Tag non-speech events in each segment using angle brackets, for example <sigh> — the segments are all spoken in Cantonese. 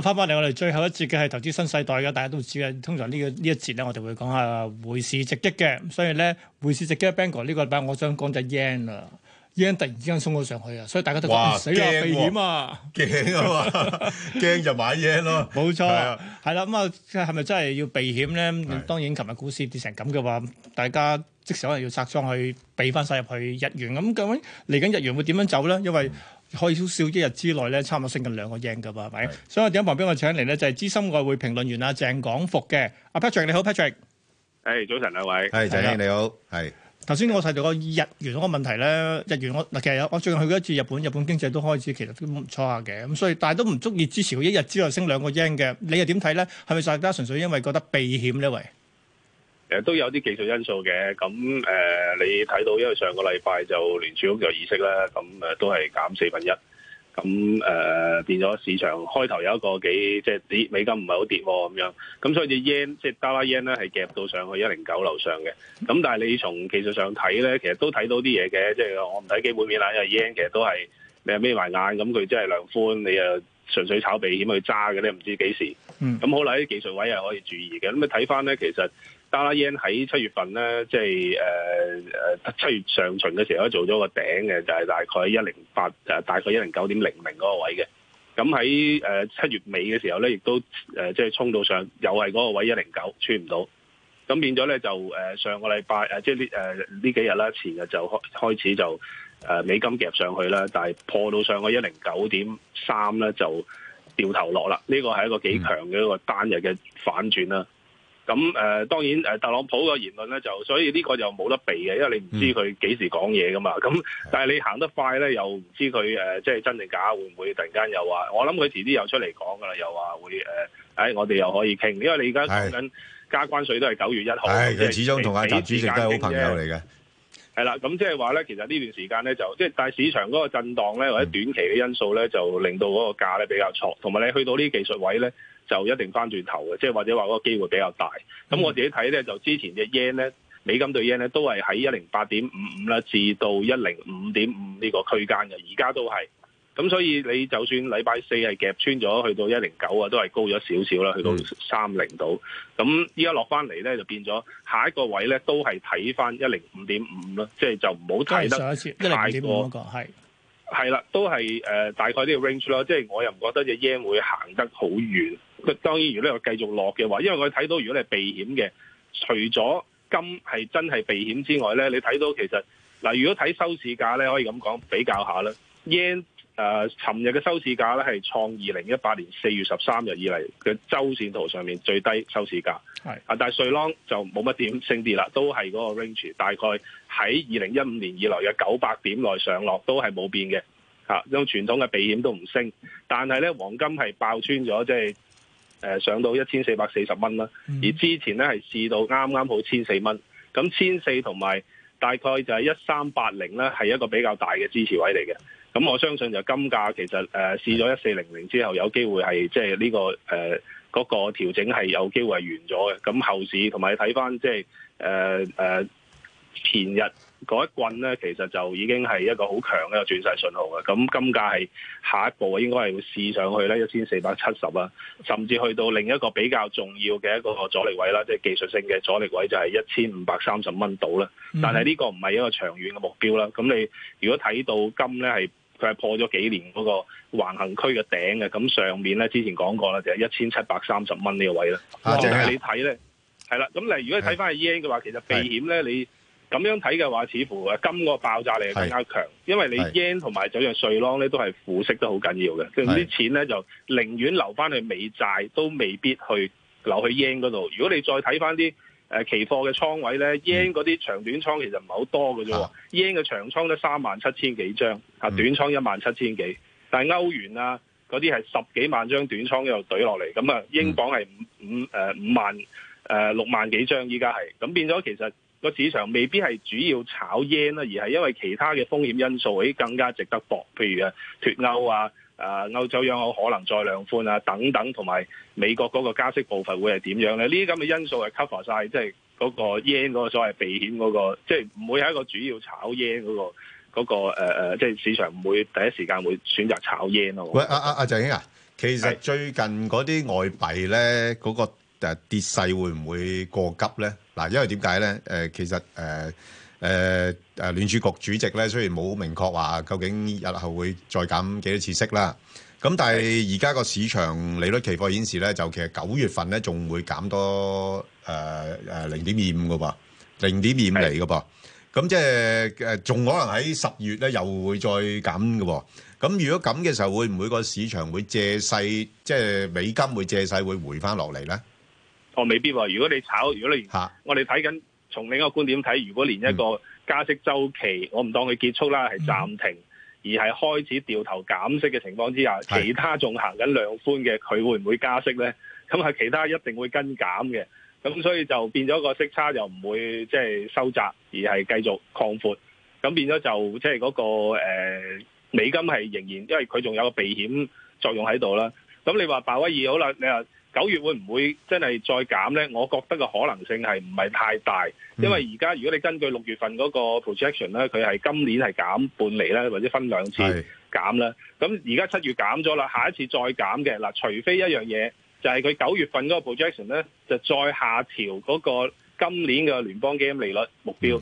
翻翻嚟，我哋最後一節嘅係投資新世代嘅，大家都知道。通常呢個呢一節咧，我哋會講一下匯市直擊嘅。所以咧，匯市直擊 Banker 呢個禮拜，我想講就係 yen 啦，yen 突然之間衝咗上去啊，所以大家都死驚、哦、避險啊，驚啊嘛，驚、哦、 <laughs> 就買 yen 咯、哦，冇 <laughs> 錯。係啦，咁啊，係咪真係要避險咧？當然，琴日股市跌成咁嘅話，大家即時可能要拆倉去避翻晒入去日元。咁究竟嚟緊日元會點樣走咧？因為可以少少一日之內咧，差唔多升緊兩個 yen 噶喎，係咪？所以喺旁邊我請嚟咧就係資深外匯評論員阿鄭廣復嘅阿 Patrick，你好 Patrick。誒，早晨兩位。係鄭兄你好。係。頭先我提到個日元嗰個問題咧，日元我嗱其實我最近去咗一次日本，日本經濟都開始其實都唔錯下嘅，咁所以但係都唔足以支持佢一日之內升兩個 yen 嘅，你又點睇咧？係咪大家純粹因為覺得避險呢位？誒都有啲技術因素嘅，咁誒、呃、你睇到，因為上個禮拜就聯儲局就議息啦，咁誒、呃、都係減四分一，咁、呃、誒變咗市場開頭有一個幾即係啲美金唔係好跌咁、啊、樣，咁所以 yen 即係 Dollar yen 咧係夾到上去一零九樓上嘅，咁但係你從技術上睇咧，其實都睇到啲嘢嘅，即、就、係、是、我唔睇基本面啦，因為 yen 其實都係你係眯埋眼，咁佢真係量寬，你又純粹炒避險去揸嘅咧，唔知幾時。咁、嗯、好啦，啲技術位係可以注意嘅，咁你睇翻咧，其實。dollar yen 喺七月份咧，即係誒誒七月上旬嘅時候做咗個頂嘅，就係、是、大概一零八，誒大概一零九點零零嗰個位嘅。咁喺誒七月尾嘅時候咧，亦都誒即係衝到上，又係嗰個位一零九穿唔到。咁變咗咧就誒、呃、上個禮拜誒，即係呢誒呢幾日啦，前日就開開始就誒、呃、美金夾上去啦，但係破到上個一零九點三咧，就掉頭落啦。呢個係一個幾強嘅一個單日嘅反轉啦。咁、嗯、誒、呃、當然特朗普嘅言論咧就，所以呢個就冇得避嘅，因為你唔知佢幾時講嘢噶嘛。咁、嗯、但係你行得快咧，又唔知佢即係真定假，會唔會突然間又話？我諗佢遲啲又出嚟講噶啦，又話會誒、呃哎，我哋又可以傾。因為你而家講緊加關稅都係九月一號。佢、哎嗯哎、始終同阿習主席都係好朋友嚟嘅。係、嗯、啦，咁即係話咧，其實呢段時間咧就即係但係市場嗰個震盪咧，或者短期嘅因素咧，就令到嗰個價咧比較挫，同、嗯、埋你去到呢技術位咧。就一定翻轉頭嘅，即係或者話嗰個機會比較大。咁我自己睇咧，就之前隻 yen 咧，美金對 yen 咧，都係喺一零八點五五啦，至到一零五點五呢個區間嘅，而家都係。咁所以你就算禮拜四係夾穿咗去到一零九啊，都係高咗少少啦，去到三零度。咁依家落翻嚟咧，就變咗下一個位咧，都係睇翻一零五點五啦。即係就唔好睇得太過啦、就是那個，都係、呃、大概呢個 range 咯。即、就、係、是、我又唔覺得隻 yen 會行得好遠。佢當然如果你繼續落嘅話，因為我睇到如果你係避險嘅，除咗金係真係避險之外咧，你睇到其實嗱，如果睇收市價咧，可以咁講比較下啦。yen 誒，尋、呃、日嘅收市價咧係創二零一八年四月十三日以嚟嘅周線圖上面最低收市價。係啊，但係瑞郎就冇乜點升跌啦，都係嗰個 range，大概喺二零一五年以來嘅九百點內上落都係冇變嘅。嚇、啊，因傳統嘅避險都唔升，但係咧黃金係爆穿咗，即係。誒上到一千四百四十蚊啦，而之前咧係試到啱啱好千四蚊，咁千四同埋大概就係一三八零咧係一個比較大嘅支持位嚟嘅，咁我相信就金價其實誒、呃、試咗一四零零之後有機會係即係呢個誒嗰、呃嗰個調整係有機會係完咗嘅，咁後市同埋睇翻即係誒誒前日。嗰一棍咧，其實就已經係一個好強嘅轉勢信號嘅。咁金價係下一步應該係會試上去咧一千四百七十啊，1470, 甚至去到另一個比較重要嘅一個阻力位啦，即係技術性嘅阻力位就係一千五百三十蚊度啦。但係呢個唔係一個長遠嘅目標啦。咁你如果睇到金咧係佢係破咗幾年嗰個橫行區嘅頂嘅，咁上面咧之前講過啦，就係一千七百三十蚊呢個位啦。阿鄭，你睇咧係啦。咁你如果睇翻係 yen 嘅話，其實避險咧你。咁樣睇嘅話，似乎誒金個爆炸力係更加強，因為你 yen 同埋走樣稅劧咧都係負息都好緊要嘅，所以啲錢咧就寧願留翻去美債，都未必去留喺 yen 嗰度。如果你再睇翻啲期貨嘅倉位咧，yen 嗰啲長短倉其實唔係好多嘅啫，yen 嘅長倉咧三萬七千幾張，啊、嗯、短倉一萬七千幾，但係歐元啊嗰啲係十幾萬張短倉度懟落嚟，咁啊英鎊係五五、呃、五萬、呃、六萬幾張依家係，咁變咗其實。個市場未必係主要炒 yen 啦，而係因為其他嘅風險因素，更加值得搏。譬如啊，脱歐啊，誒歐洲央行可能再量寬啊，等等，同埋美國嗰個加息部分會係點樣咧？呢啲咁嘅因素係 cover 晒，即係嗰個 yen 嗰個所謂避險嗰、嗰個，即係唔會係一個主要炒 yen 嗰個即、嗰個呃即係、市場唔會第一時間會選擇炒 yen 咯。喂，阿阿鄭兄啊，其實最近嗰啲外幣咧嗰、嗰個跌勢會唔會過急咧？嗱，因為點解咧？誒、呃，其實誒誒誒，聯儲局主席咧，雖然冇好明確話究竟日後會再減幾多次息啦。咁但係而家個市場利率期貨顯示咧，就其實九月份咧仲會減多誒誒零點二五噶噃，零點二五嚟噶噃。咁即係誒，仲可能喺十月咧又會再減噶。咁如果咁嘅時候，會唔會個市場會借勢，即係美金會借勢會回翻落嚟咧？我未必，如果你炒，如果你我哋睇緊，從另一個觀點睇，如果連一個加息週期，嗯、我唔當佢結束啦，係暫停、嗯、而係開始掉頭減息嘅情況之下，其他仲行緊量寬嘅，佢會唔會加息呢？咁係其他一定會跟減嘅，咁所以就變咗個息差又唔會即係、就是、收窄，而係繼續擴闊，咁變咗就即係嗰個、呃、美金係仍然，因為佢仲有個避險作用喺度啦。咁你話鮑威爾好啦，你話。九月會唔會真係再減呢？我覺得個可能性係唔係太大，嗯、因為而家如果你根據六月份嗰個 projection 咧，佢係今年係減半厘咧，或者分兩次減啦。咁而家七月減咗啦，下一次再減嘅嗱，除非一樣嘢就係佢九月份嗰個 projection 咧，就再下調嗰個今年嘅聯邦基金利率目標，咁、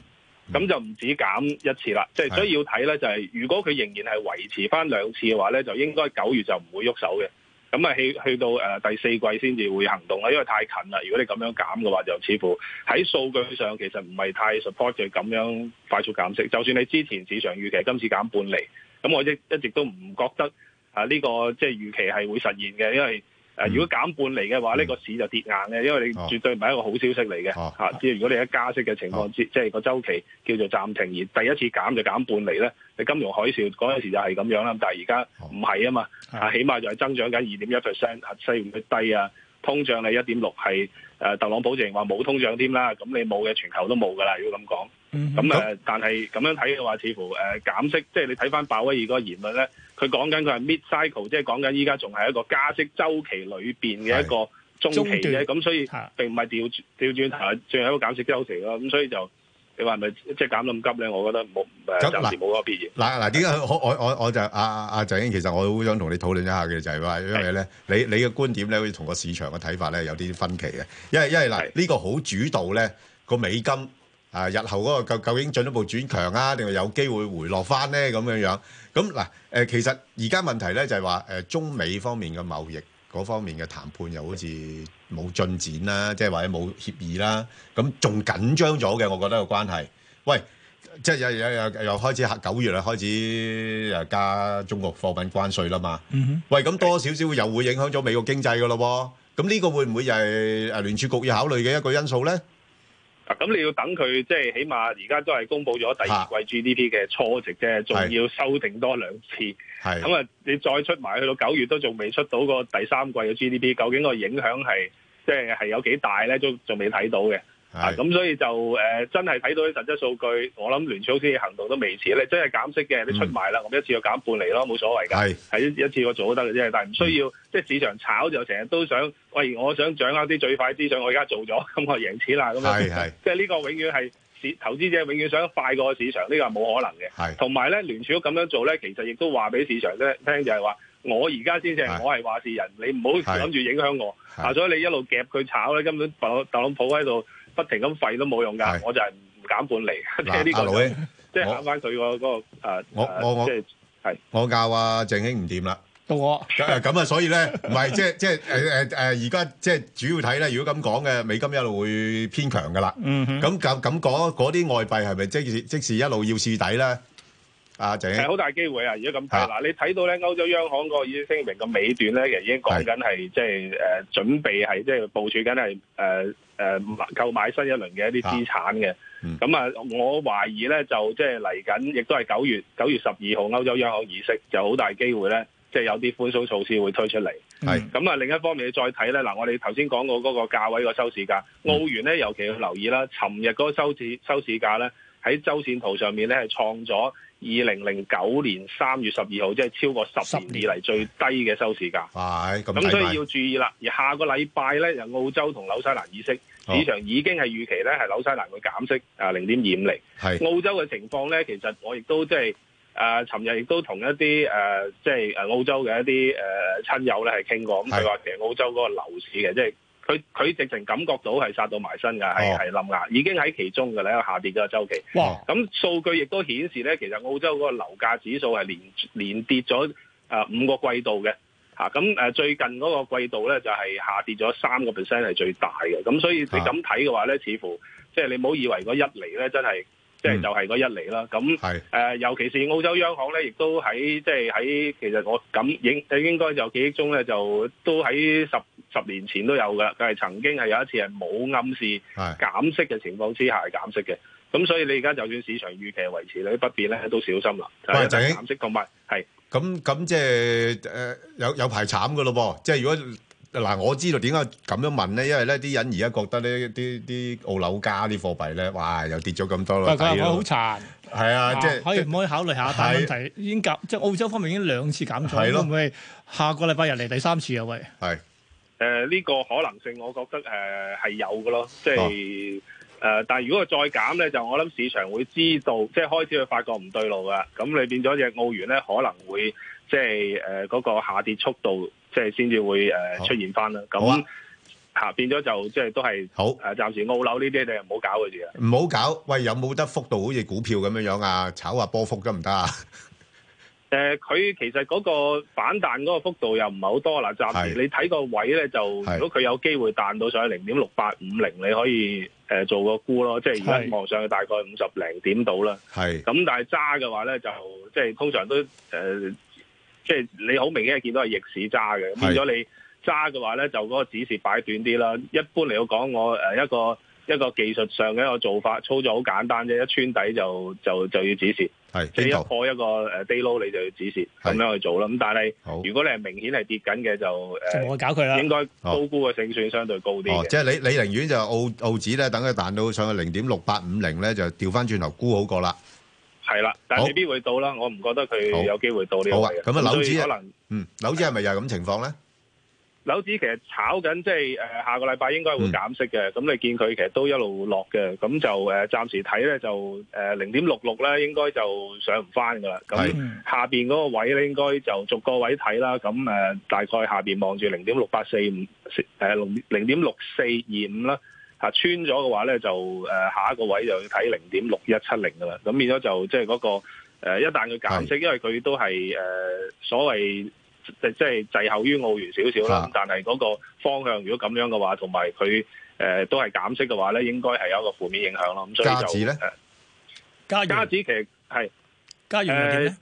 嗯嗯、就唔止減一次啦。即係所以要睇呢、就係，就係如果佢仍然係維持返兩次嘅話呢就應該九月就唔會喐手嘅。咁啊，去去到誒第四季先至會行動啦，因為太近啦。如果你咁樣減嘅話，就似乎喺數據上其實唔係太 support 就咁樣快速減息。就算你之前市場預期今次減半釐，咁我一一直都唔覺得啊呢個即係預期係會實現嘅，因為。嗯、如果減半嚟嘅話，呢、嗯、個市就跌硬嘅，因為你絕對唔係一個好消息嚟嘅嚇。即、啊啊啊、如果你喺加息嘅情況之、啊啊啊，即係個周期叫做暫停，而第一次減就減半嚟咧，你金融海嘯嗰陣時就係咁樣啦。但係而家唔係啊嘛，啊，啊起碼就係增長緊二點一 percent，息佢低啊，通脹係一點六，係特朗普仲話冇通脹添啦，咁、啊、你冇嘅全球都冇噶啦，如果咁講。咁、嗯、誒、嗯，但係咁樣睇嘅話，似乎誒、呃、減息，即係你睇翻鮑威爾嗰個言論咧，佢講緊佢係 mid cycle，即係講緊依家仲係一個加息周期裏邊嘅一個中期嘅，咁所以並唔係調調轉誒，仲有一個減息周期咯。咁所以就你話係咪即係減得咁急咧？我覺得冇誒，暫時冇嗰個必要。嗱嗱，點解我我我就阿阿鄭英，其實我好想同你討論一下嘅，就係、是、話因為咧，你你嘅觀點咧會同個市場嘅睇法咧有啲分歧嘅，因為因為嗱呢、這個好主導咧個美金。啊！日後嗰個究竟進一步轉強啊，定係有機會回落翻呢？咁樣樣咁嗱，其實而家問題呢，就係話中美方面嘅貿易嗰方面嘅談判又好似冇進展啦，即係或者冇協議啦，咁仲緊張咗嘅，我覺得個關係。喂，即係又又開始九月啊開始加中國貨品關稅啦嘛，嗯、喂咁多少少又會影響咗美國經濟噶咯喎。咁呢個會唔會又係聯儲局要考慮嘅一個因素呢？咁你要等佢，即係起碼而家都係公布咗第二季 GDP 嘅初值啫，仲、啊、要修訂多兩次。咁啊，你再出埋去到九月都仲未出到個第三季嘅 GDP，究竟個影響係即係係有幾大咧？都仲未睇到嘅。咁、啊、所以就誒、呃、真係睇到啲實質數據，我諗聯儲先行動都未遲咧。真係減息嘅，你出埋啦，咁、嗯、一次過減半厘咯，冇所謂㗎。係一次過做都得嘅啫，但係唔需要、嗯、即係市場炒就成日都想，喂，我想掌握啲最快資訊，我而家做咗咁、嗯、我贏錢啦咁樣。即係呢個永遠係投資者永遠想快過市場，呢、呢個係冇可能嘅。同埋咧，聯儲都咁樣做咧，其實亦都話俾市場咧聽，就係話我而家先至，我係話事人，你唔好諗住影響我、啊。所以你一路夾佢炒咧，根本特朗普喺度。不停咁吠都冇用噶，我就係唔減半釐。嗱，阿老兄，即係減翻佢個嗰個誒，我我我即係係我教啊，鄭兄唔掂啦，到我。咁啊，所以咧，唔係即即誒誒誒，而家即係主要睇咧。如果咁講嘅，美金一路會偏強噶啦。嗯，咁咁咁，嗰嗰啲外幣係咪即時即時一路要試底咧？係、啊、好大機會啊！如果咁睇嗱，你睇到咧歐洲央行嗰個已經聲明嘅尾段咧，其實已經講緊係即係誒準備係即係部署緊係誒誒購買新一輪嘅一啲資產嘅。咁啊、嗯，我懷疑咧就即係嚟緊，亦都係九月九月十二號歐洲央行議式議息，就好大機會咧，即、就、係、是、有啲寬鬆措施會推出嚟。係咁啊，另一方面你再睇咧嗱，我哋頭先講過嗰個價位個收市價、嗯，澳元咧尤其要留意啦。尋日嗰個收市收市價咧喺周線圖上面咧係創咗。二零零九年三月十二號，即係超過十年以嚟最低嘅收市價。係咁、嗯，所以要注意啦。而下個禮拜咧，就澳洲同紐西蘭議息、哦、市場已經係預期咧，係紐西蘭會減息啊零點二五釐。係、呃、澳洲嘅情況咧，其實我亦都即係誒尋日亦都同一啲誒、呃、即係誒澳洲嘅一啲誒、呃、親友咧係傾過，咁佢話其實澳洲嗰個樓市嘅即係。佢佢直情感覺到係殺到埋身㗎，係係冧牙，已經喺其中㗎啦，下跌嘅周期。哇！咁數據亦都顯示咧，其實澳洲嗰個樓價指數係連，連跌咗、呃、五個季度嘅嚇咁、啊啊、最近嗰個季度咧就係、是、下跌咗三個 percent 係最大嘅，咁所以你咁睇嘅話咧，似乎即係、就是、你唔好以為嗰一嚟咧真係。即、嗯、係就係、是、嗰一嚟啦，咁誒、呃、尤其是澳洲央行咧，亦都喺即係喺其實我咁應應該就記憶中咧，就都喺十十年前都有㗎，佢係曾經係有一次係冇暗示減息嘅情況之下是減息嘅，咁所以你而家就算市場預期維持你不變咧，都小心啦、呃。就係、是，減息同埋係咁咁即係誒有、就是呃、有排慘嘅咯噃，即、就、係、是、如果。嗱我知道點解咁樣問咧，因為咧啲人而家覺得咧啲啲澳樓加啲貨幣咧，哇又跌咗咁多啦，係咪好殘？係啊，即係可以唔可以考慮下？但係問題已經減，即係澳洲方面已經兩次減息，會唔會下個禮拜日嚟第三次啊？喂，係誒呢個可能性，我覺得誒係有㗎咯，即係誒。但係如果再減咧，就我諗市場會知道，即係開始會發覺唔對路嘅，咁你變咗隻澳元咧可能會。即係誒，嗰、呃那個下跌速度，即係先至會誒、呃、出現翻啦。咁下、啊啊、變咗就即係都係好誒，暫、呃、時澳樓呢啲你唔好搞佢住，唔好搞，喂，有冇得幅度好似股票咁樣樣啊？炒下、啊、波幅得唔得啊？誒、呃，佢其實嗰個反彈嗰個幅度又唔係好多啦。暫時你睇個位咧，就如果佢有機會彈到上去零點六八五零，你可以誒、呃、做個沽咯。即係而家望上去大概五十零點度啦。係咁，但係揸嘅話咧，就即係通常都誒。呃即係你好明顯係見到係逆市揸嘅，變咗你揸嘅話咧，就嗰個指示擺短啲啦。一般嚟講，我一個一個技術上嘅一個做法，操作好簡單啫，一穿底就就就要指示，即係、就是、一破一個誒 day low 你就要指示咁樣去做啦。咁但係如果你係明顯係跌緊嘅就誒，冇得搞佢啦。應該高估嘅勝算相對高啲、哦、即係你你寧願就澳澳紙咧，等佢彈到上去零點六八五零咧，就調翻轉頭沽好過啦。係啦，但係未必會到啦。我唔覺得佢有機會到呢個位。咁啊，樓子可能，嗯，樓子係咪又係咁情況咧？樓子其實炒緊，即係誒下個禮拜應該會減息嘅。咁、嗯、你見佢其實都一路落嘅，咁就誒暫時睇咧就誒零點六六咧，應該就上唔翻噶啦。咁下邊嗰個位咧，應該就逐個位睇啦。咁誒大概下邊望住零點六八四五，誒零零點六四二五啦。啊穿咗嘅話咧就誒、呃、下一個位就要睇零點六一七零噶啦，咁變咗就即係嗰個誒、呃、一旦佢減息，因為佢都係誒、呃、所謂即係滯後於澳元少少啦，但係嗰個方向如果咁樣嘅話，同埋佢誒都係減息嘅話咧，應該係有一個負面影響咯。咁所以就加子咧，加子其實係加元加，、呃、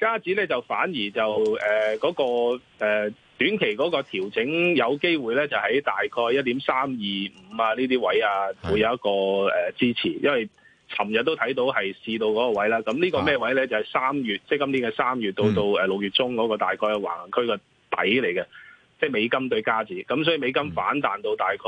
加子咧就反而就誒嗰、呃那個誒。呃短期嗰個調整有機會咧，就喺大概一點三二五啊呢啲位啊，會有一個、呃、支持，因為尋日都睇到係試到嗰個位啦。咁呢個咩位咧？就係、是、三月，即、就、係、是、今年嘅三月到到誒六月中嗰個大概橫行區嘅底嚟嘅、嗯，即係美金對加元咁，所以美金反彈到大概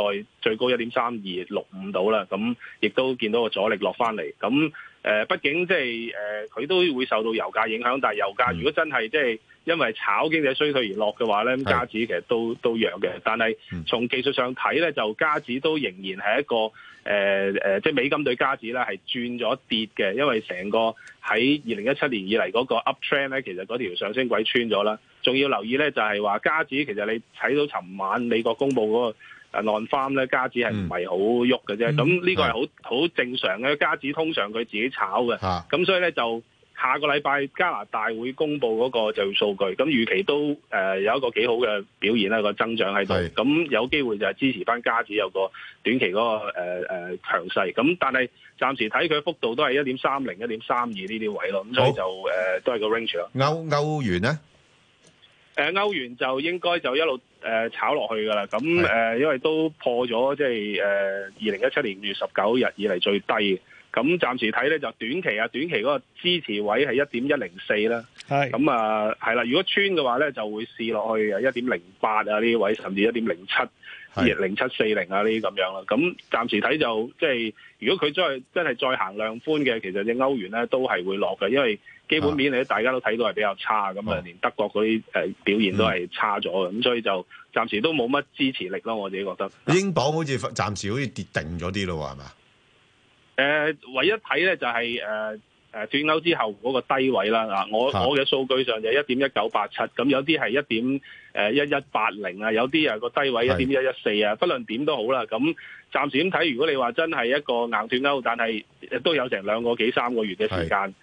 最高一點三二六五度啦。咁亦都見到個阻力落翻嚟。咁誒、呃，畢竟即係誒，佢、呃、都會受到油價影響，但油價如果真係、嗯、即係。因為炒經濟衰退而落嘅話咧，加紙其實都都弱嘅。但係從技術上睇咧，就加紙都仍然係一個誒誒、呃呃，即係美金對加紙咧係轉咗跌嘅。因為成個喺二零一七年以嚟嗰個 up trend 咧，其實嗰條上升軌穿咗啦。仲要留意咧，就係話加紙其實你睇到尋晚美國公佈嗰個 non farm 咧，加紙係唔係好喐嘅啫。咁、嗯、呢個係好好正常嘅。加紙通常佢自己炒嘅，咁所以咧就。下個禮拜加拿大會公布嗰個就業數據，咁預期都誒、呃、有一個幾好嘅表現啦，一個增長喺度，咁有機會就係支持翻加指有個短期嗰個誒誒強勢，咁、呃呃、但係暫時睇佢幅度都係一點三零、一點三二呢啲位咯，咁所以就誒、呃、都係個 range 咯。歐歐元呢？誒、呃、歐元就應該就一路誒、呃、炒落去噶啦，咁誒、呃、因為都破咗即係誒二零一七年五月十九日以嚟最低。咁暫時睇咧就短期啊，短期嗰個支持位係一點一零四啦。係咁啊，係啦。如果穿嘅話咧，就會試落去啊一點零八啊呢啲位，甚至一點零七、零七四零啊呢啲咁樣啦。咁暫時睇就即係如果佢再真係再行量寬嘅，其實隻歐元咧都係會落嘅，因為基本面咧大家都睇到係、啊、比較差咁啊，連德國嗰啲表現都係差咗咁、嗯、所以就暫時都冇乜支持力咯。我自己覺得英鎊好似暫時好似跌定咗啲咯，係嘛？誒、呃、唯一睇咧就係誒誒斷鈎之後嗰個低位啦啊！我我嘅數據上就係一點一九八七，咁有啲係一點誒一一八零啊，有啲啊個低位一點一一四啊，不論點都好啦。咁暫時點睇？如果你話真係一個硬斷鈎，但係都有成兩個幾三個月嘅時間，咁、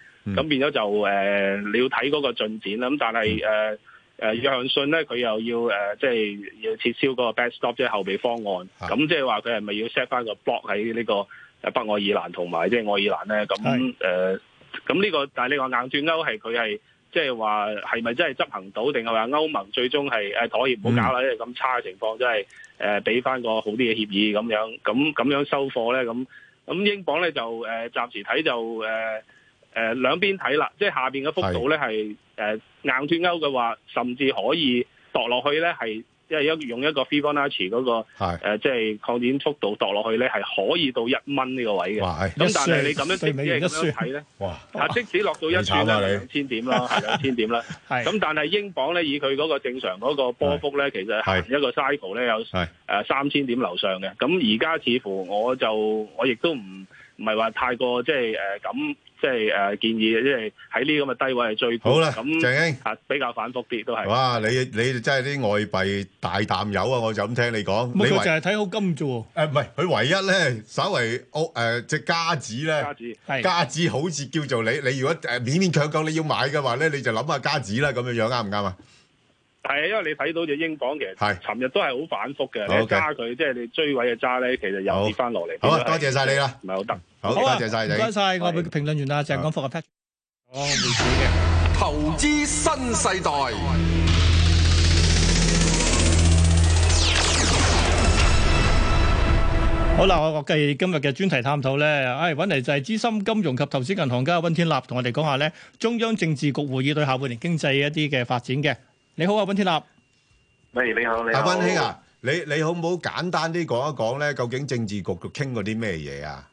嗯、變咗就誒、呃、你要睇嗰個進展啦。咁但係誒誒，嗯呃呃、約翰信呢佢又要誒即係要撤銷嗰個 backstop 即係後備方案。咁即係話佢係咪要 set 翻個 block 喺呢、這個？誒北愛爾蘭同埋即係愛爾蘭咧，咁誒咁呢個但係呢個硬脫歐係佢係即係話係咪真係執行到，定係話歐盟最終係誒妥協唔好搞啦？因為咁差嘅情況真係誒俾翻個好啲嘅協議咁樣，咁咁樣收貨咧，咁咁英鎊咧就誒暫、呃、時睇就誒誒、呃呃、兩邊睇啦，即、就、係、是、下面嘅幅度咧係誒硬脫歐嘅話，甚至可以墮落去咧係。即係一用一個 Fibonacci 嗰、那個即係、呃就是、擴展速度墮落去咧，係可以到一蚊呢個位嘅。咁但係你咁樣即係咁樣睇咧，哇！啊，即使落到一千，啦，兩千點啦，兩 <laughs> 千點啦。咁 <laughs> 但係英鎊咧，以佢嗰個正常嗰個波幅咧，其實行一個 cycle 咧有誒三千點樓上嘅。咁而家似乎我就我亦都唔。唔係話太過即係誒咁，即係誒、呃呃、建議，即係喺呢咁嘅低位係最好好啦。咁鄭英啊，比較反覆啲都係。哇！你你真係啲外幣大淡友啊！我就咁聽你講，佢就係睇好金啫喎。呃、唔係，佢唯一咧，稍微屋誒隻家子咧，家子係家子好似叫做你。你如果誒勉勉強強你要買嘅話咧，你就諗下家子啦，咁樣樣啱唔啱啊？係，因為你睇到隻英鎊其實係，尋日都係好反覆嘅。Okay. 你揸佢，即係你追位嘅揸咧，其實又跌翻落嚟。好多謝晒你啦，唔係好得，好，多謝晒你，你。唔該晒，我哋評論員阿鄭廣復嘅 p a t c h 哦，唔嘅投資新世代。好啦，我計今日嘅專題探討咧，誒，搵嚟就係資深金融及投資銀行家溫天納同我哋講下咧中央政治局會議對下半年經濟一啲嘅發展嘅。你好啊，温天納。喂、hey,，你好，阿温兄啊，好你你好唔好簡單啲講一講咧？究竟政治局傾過啲咩嘢啊？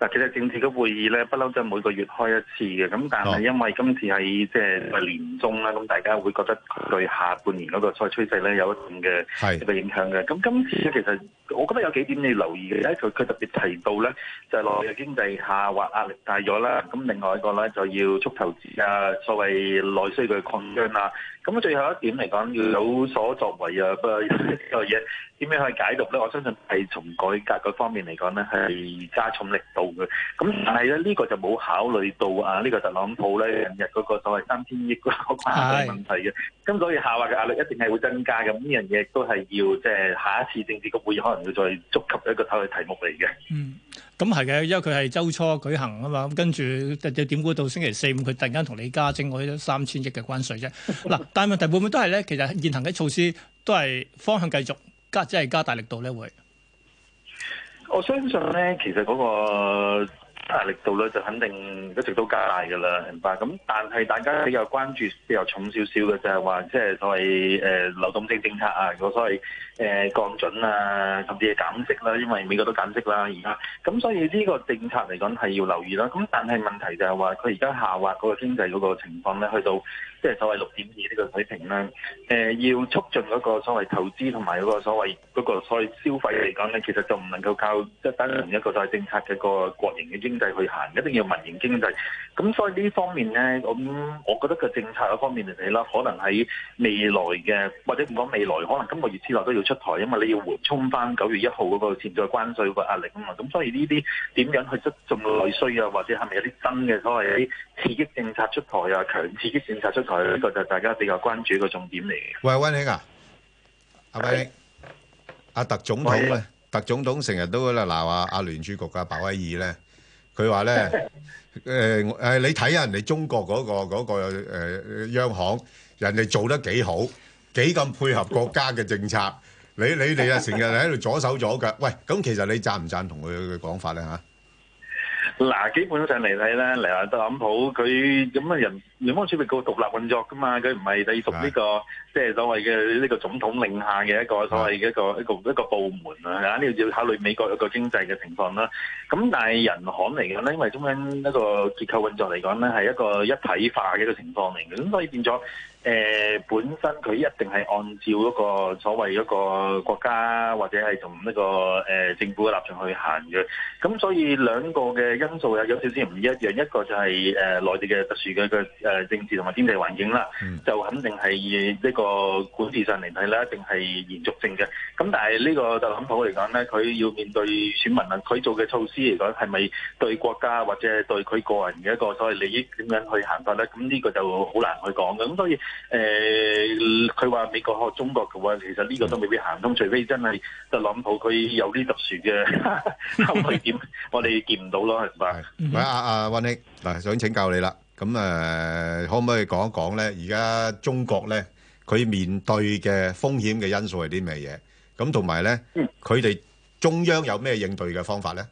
嗱，其實政治嘅會議咧，不嬲都係每個月開一次嘅。咁但係因為今次係，即係年中啦，咁大家會覺得對下半年嗰個賽趨勢咧有一定嘅影響嘅。咁今次咧，其實我覺得有幾點你留意嘅。第一，佢佢特別提到咧，就係內經濟下滑壓力大咗啦。咁另外一個咧，就要促投資啊，所謂內需嘅擴張啊。咁最後一點嚟講，要有所作為啊！呢個嘢點樣去解讀咧？我相信係從改革嗰方面嚟講咧，係加重力度嘅。咁但係咧，呢個就冇考慮到啊，呢個特朗普咧近日嗰個所謂三千億嗰個問題嘅。咁所以下滑嘅壓力一定係會增加嘅。咁呢樣嘢都係要即係下一次政治局會議可能要再觸及一個睇嘅題目嚟嘅。嗯。咁係嘅，因為佢係週初舉行啊嘛，咁跟住點估到星期四、五佢突然間同你加徵咗三千億嘅關稅啫？嗱， <laughs> 但係問題會唔會都係咧？其實現行嘅措施都係方向繼續加，即係加大力度咧，會我相信咧，其實嗰個。力度咧就肯定一直都加大嘅啦，明白？咁但係大家比較關注、比較重少少嘅就係話，即係所謂、呃、流動性政策啊，如果所謂誒、呃、降準啊，甚至係減息啦，因為美國都減息啦，而家咁，所以呢個政策嚟講係要留意啦。咁但係問題就係話，佢而家下滑嗰個經濟嗰個情況咧，去到。即係所謂六點二呢個水平啦，誒、呃、要促進嗰個所謂投資同埋嗰個所謂嗰個所謂消費嚟講咧、嗯，其實就唔能夠靠即係單純一個所謂政策嘅個國營嘅經濟去行，一定要民營經濟。咁所以呢方面咧，咁我覺得個政策嗰方面嚟睇啦，可能喺未來嘅或者唔講未來，可能今個月之內都要出台，因為你要緩衝翻九月一號嗰個潛在關稅個壓力啊嘛。咁所以呢啲點樣去促進內需啊，或者係咪有啲新嘅所謂啲刺激政策出台啊，強刺激政策出台？係呢個就大家比較關注嘅重點嚟嘅。喂，温兄啊，阿威，阿特總統咧，特總統成日都喺度鬧阿聯儲局啊，鮑威爾咧，佢話咧，誒誒，你睇下人哋中國嗰個嗰個誒央行，人哋做得幾好，幾咁配合國家嘅政策，你你哋啊成日喺度左手左腳，喂，咁其實你贊唔贊同佢嘅講法咧吓？嗱，基本上嚟睇咧，嚟話特朗普佢咁嘅人，聯邦儲備局獨立運作噶嘛，佢唔係隸屬呢個即係所謂嘅呢個總統領下嘅一個所謂嘅一個一個一個部門啊，係啊，你要考慮美國一個經濟嘅情況啦。咁但係人行嚟講咧，因為中央一個結構運作嚟講咧，係一個一體化嘅一個情況嚟嘅，咁所以變咗。誒、呃、本身佢一定係按照嗰個所謂嗰個國家或者係同呢個誒、呃、政府嘅立場去行嘅，咁所以兩個嘅因素有有少少唔一樣。一個就係、是、誒、呃、內地嘅特殊嘅、呃、政治同埋天地環境啦，就肯定係以呢個管治上嚟睇咧，一定係延續性嘅。咁但係呢個特朗普嚟講咧，佢要面對選民啊，佢做嘅措施嚟講係咪對國家或者係對佢個人嘅一個所謂利益點樣去行法咧？咁呢個就好難去講嘅。咁所以誒，佢話美國學中國嘅話，其實呢個都未必行通，除非真係特朗普佢有啲特殊嘅考慮點，我哋見唔到咯，係咪？喂，阿阿溫興嗱，想請教你啦，咁誒可唔可以講一講咧？而家中國咧，佢面對嘅風險嘅因素係啲咩嘢？咁同埋咧，佢哋中央有咩應對嘅方法咧？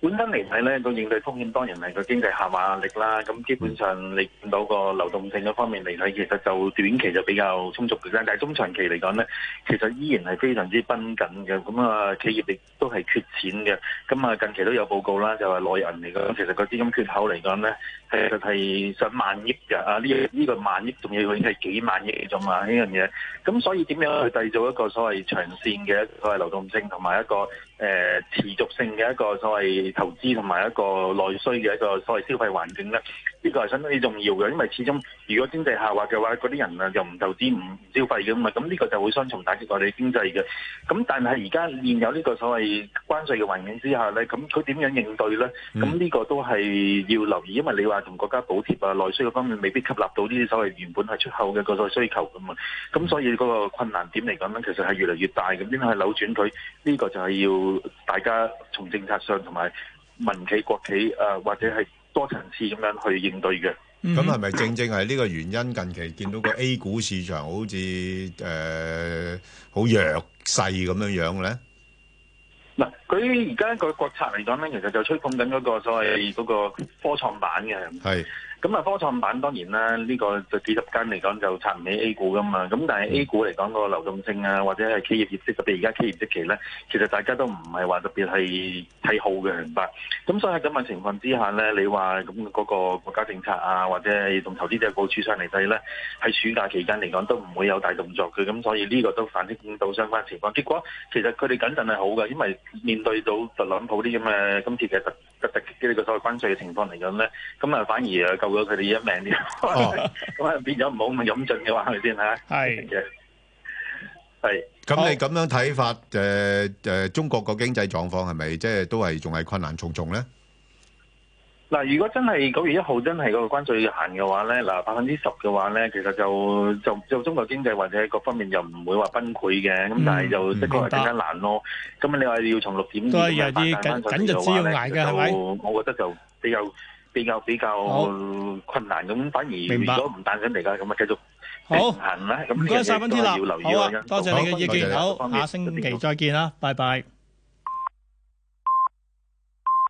本身嚟睇咧，都應對風險，當然係個經濟下滑壓力啦。咁基本上你見到個流動性嗰方面嚟睇，其實就短期就比較充足嘅。但係中長期嚟講咧，其實依然係非常之繃緊嘅。咁啊，企業亦都係缺錢嘅。咁啊，近期都有報告啦，就係內銀嚟講，其實個資金缺口嚟講咧，係就係上萬億嘅啊！呢個呢個萬億，仲要佢係幾萬億咁啊！呢樣嘢咁，所以點樣去製造一個所謂長線嘅所謂流動性，同埋一個誒持續性嘅一個所謂投資，同埋一個內需嘅一個所謂消費環境咧？呢個係相當之重要嘅，因為始終如果經濟下滑嘅話，嗰啲人啊又唔投資唔消費嘅嘛，咁呢個就會雙重打擊我哋經濟嘅。咁但係而家現有呢個所謂關稅嘅環境之下咧，咁佢點樣應對咧？咁呢個都係要留意，因為你話。同國家補貼啊，內需嗰方面未必吸納到呢啲所謂原本係出口嘅嗰個需求咁啊，咁所以嗰個困難點嚟講咧，其實係越嚟越大咁，點樣去扭轉佢？呢個就係要大家從政策上同埋民企、國企啊、呃，或者係多層次咁樣去應對嘅。咁係咪正正係呢個原因近期見到個 A 股市場好似誒好弱勢咁樣樣咧？嗱，佢而家個國策嚟講咧，其實就吹捧緊嗰個所謂嗰個科創板嘅。係。咁啊，科創板當然啦，呢個就幾十間嚟講就撐唔起 A 股噶嘛。咁、嗯、但係 A 股嚟講、個流動性啊，或者係企業業績，特別而家企業績期咧，其實大家都唔係話特別係睇好嘅明白。咁所以喺咁嘅情況之下咧，你話咁嗰個國家政策啊，或者同投資者佈署上嚟睇咧，喺暑假期間嚟講都唔會有大動作嘅。咁所以呢個都反映到相關情況。結果其實佢哋謹慎係好嘅，因為面對到特朗普啲咁嘅今次嘅突。特特嘅呢個所謂軍事嘅情況嚟講咧，咁啊反而啊救咗佢哋一命啲，咁啊變咗唔好咁飲盡嘅話先嚇，係係。咁你咁樣睇法，誒誒，中國個經濟狀況係咪即係都係仲係困難重重咧？嗱，如果真係九月一號真係嗰個關稅要行嘅話咧，嗱，百分之十嘅話咧，其實就就就中國經濟或者各方面又唔會話崩潰嘅，咁、嗯、但係就的確係更加難咯。咁、嗯、啊，你話要從六點嗰個單單上做咧，就我覺得就比較比較比較困難。咁反而如果唔單單嚟㗎，咁啊繼續行啦。咁啊，大家要留意啊，多謝你嘅意見。好謝謝，謝謝，下星期再見啦，拜拜。拜拜。